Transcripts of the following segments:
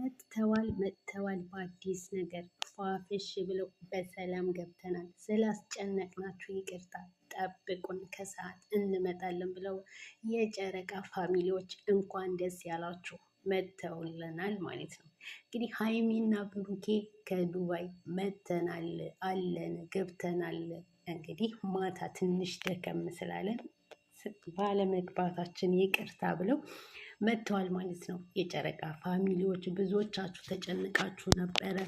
መጥተዋል መጥተዋል በአዲስ ነገር ፏፍሽ ብለው በሰላም ገብተናል። ስላስጨነቅናችሁ ይቅርታ፣ ጠብቁን ከሰዓት እንመጣለን ብለው የጨረቃ ፋሚሊዎች እንኳን ደስ ያላችሁ መጥተውልናል ማለት ነው። እንግዲህ ሀይሚና ብሩኬ ከዱባይ መጥተናል አለን ገብተናል። እንግዲህ ማታ ትንሽ ደከም ስላለን ባለመግባታችን ይቅርታ ብለው መጥተዋል ማለት ነው። የጨረቃ ፋሚሊዎች ብዙዎቻችሁ ተጨንቃችሁ ነበረ።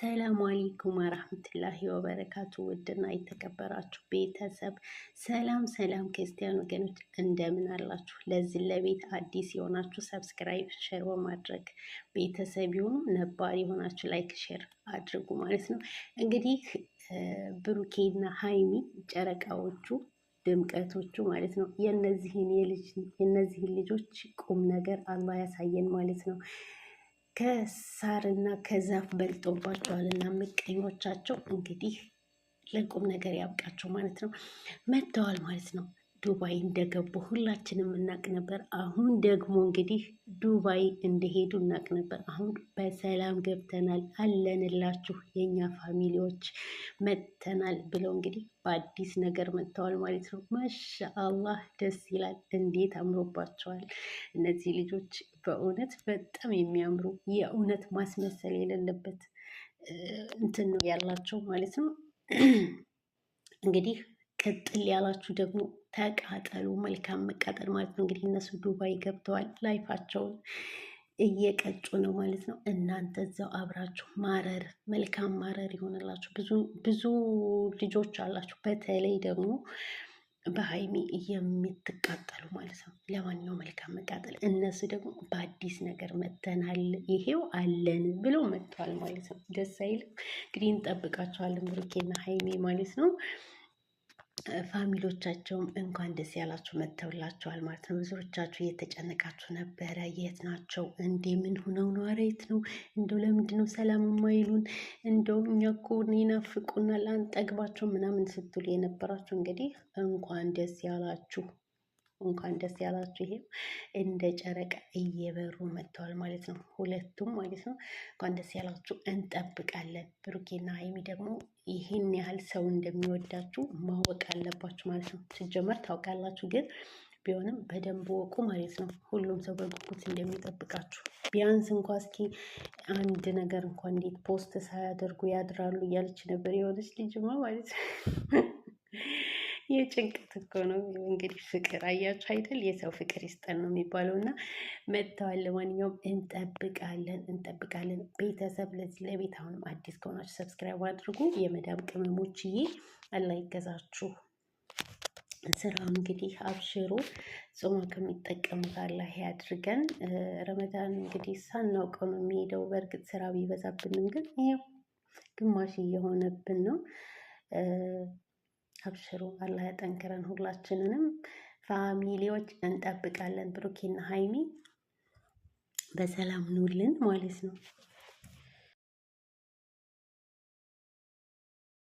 ሰላም አለይኩም ወራህመቱላሂ ወበረካቱ። ውድና የተከበራችሁ ቤተሰብ ሰላም ሰላም፣ ክርስቲያን ወገኖች እንደምን አላችሁ? ለዚህ ለቤት አዲስ የሆናችሁ ሰብስክራይብ፣ ሼር በማድረግ ቤተሰብ የሆኑ ነባር የሆናችሁ ላይክ፣ ሼር አድርጉ ማለት ነው። እንግዲህ ብሩኬና ሀይሚ ጨረቃዎቹ ድምቀቶቹ ማለት ነው። የነዚህን ልጆች ቁም ነገር አላህ ያሳየን ማለት ነው። ከሳርና ከዛፍ በልጦባቸዋልና ምቀኞቻቸው እንግዲህ ለቁም ነገር ያብቃቸው ማለት ነው። መጥተዋል ማለት ነው። ዱባይ እንደገቡ ሁላችንም እናቅ ነበር። አሁን ደግሞ እንግዲህ ዱባይ እንደሄዱ እናቅ ነበር። አሁን በሰላም ገብተናል አለንላችሁ የእኛ ፋሚሊዎች መጥተናል ብለው እንግዲህ በአዲስ ነገር መጥተዋል ማለት ነው። ማሻ አላህ ደስ ይላል። እንዴት አምሮባቸዋል እነዚህ ልጆች በእውነት በጣም የሚያምሩ የእውነት ማስመሰል የሌለበት እንትን ነው ያላቸው ማለት ነው። እንግዲህ ቀጥል ያላችሁ ደግሞ ተቃጠሉ። መልካም መቃጠል ማለት ነው። እንግዲህ እነሱ ዱባይ ገብተዋል። ላይፋቸውን እየቀጩ ነው ማለት ነው። እናንተ እዛው አብራችሁ ማረር፣ መልካም ማረር ይሆንላችሁ። ብዙ ልጆች አላችሁ፣ በተለይ ደግሞ በሀይሚ የምትቃጠሉ ማለት ነው። ለማንኛው መልካም መቃጠል። እነሱ ደግሞ በአዲስ ነገር መተናል ይሄው አለን ብሎ መጥቷል ማለት ነው። ደስ አይልም? እንግዲህ እንጠብቃቸዋለን ብሩኬና ሀይሜ ማለት ነው። ፋሚሊዎቻቸውም እንኳን ደስ ያላችሁ መጥተውላችኋል ማለት ነው። ብዙዎቻችሁ እየተጨነቃችሁ ነበረ። የት ናቸው እንዴ? ምን ሁነው ነው? ኧረ የት ነው? እንደው ለምንድን ነው ሰላም የማይሉን? እንደው እኛ እኮ ይናፍቁናል፣ አንጠግባቸው ምናምን ስትሉ የነበራችሁ እንግዲህ እንኳን ደስ ያላችሁ እንኳን ደስ ያላችሁ። ይሄም እንደ ጨረቃ እየበሩ መጥተዋል ማለት ነው፣ ሁለቱም ማለት ነው። እንኳን ደስ ያላችሁ እንጠብቃለን። ብሩኬና ሀይሚ ደግሞ ይህን ያህል ሰው እንደሚወዳችሁ ማወቅ አለባችሁ ማለት ነው። ሲጀመር ታውቃላችሁ፣ ግን ቢሆንም በደንብ ወቁ ማለት ነው። ሁሉም ሰው በጉጉት እንደሚጠብቃችሁ ቢያንስ እንኳ እስኪ አንድ ነገር እንኳ እንዴት ፖስት ሳያደርጉ ያድራሉ እያለች ነበር የሆነች ልጅማ ማለት ነው። የጭንቀት እኮ ነው እንግዲህ ፍቅር አያችሁ አይደል? የሰው ፍቅር ይስጠን ነው የሚባለው። እና መጥተዋል። ለማንኛውም እንጠብቃለን እንጠብቃለን። ቤተሰብ ለዚህ ለቤት አሁንም አዲስ ከሆናችሁ ሰብስክራይብ አድርጉ። የመዳብ ቅመሞችዬ አላ ይገዛችሁ። ስራ እንግዲህ አብሽሮ ጾማ ከሚጠቀሙት አላህ ያድርገን። ረመዳን እንግዲህ ሳናውቀው ነው የሚሄደው። በእርግጥ ስራ ቢበዛብንም ግን ይሄው ግማሽ እየሆነብን ነው። አብሽሩ አላህ ያጠንክረን። ሁላችንንም ፋሚሊዎች እንጠብቃለን። ብሩኬና ሀይሚ በሰላም ኑልን ማለት ነው።